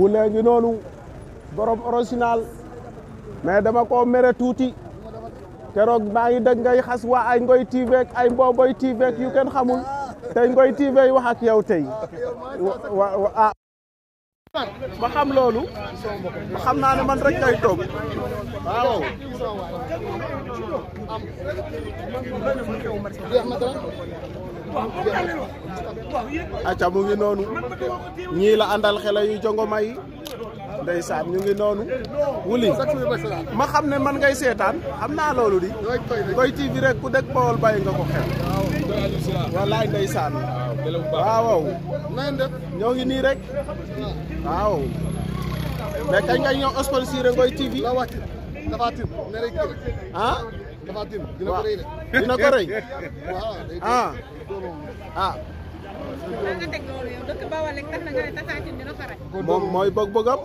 bu léegi noonu borom original mais dama ko mere tuuti keroog maa ngi dégg ngay xas waa ay Ngoy TV ak ay Mboboy TV ak yu kenn xamul tey Ngoy TV wax ak yow tey wa ah. ma xam loolu ma xam naa ne man rek kay toog waaw mu ngi noonu ñii la àndal xela yu jongoma ñu ngi noonu wuli ma xam ne man ngay seetaan xam naa loolu di Ngoye TV rek ku dëkk Bawol bàyyi nga ko xel wallaay ndeysaan waaw ñoo ngi nii rek waaw mais kañ nga ñëw sponsoré Ngoye TV ah waaw dina ko rëy ah ah moom mooy bëgg-bëggam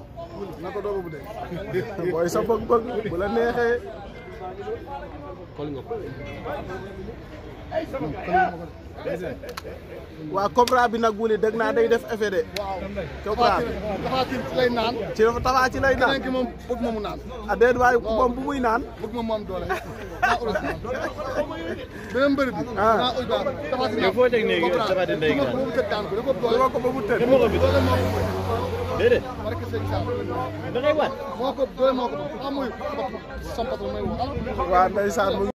mooy sa bëgg-bëgg bu neexee waaw Cobra bi nag wuli dëgg naa day def effet de. Cobra bi waaw ci lay naan. ci dafa taxaa ci lay naan. moom bëgg ma mu naan. ah déedéet waaye moom bu muy naan. bëgg ma mu am doole. naa urus naan. beneen mbër bi. naa urus naan dafa ci naan. foo teg léegi dafa di léegi naan. da ko doole ko ba mu tëdd. moo ko bi doole moo ko. déedéet. barke sëñ Sam. da ngay waat. moo ko doole moo ko. amuy bopp. sama patron may wax. waaw ndeysaan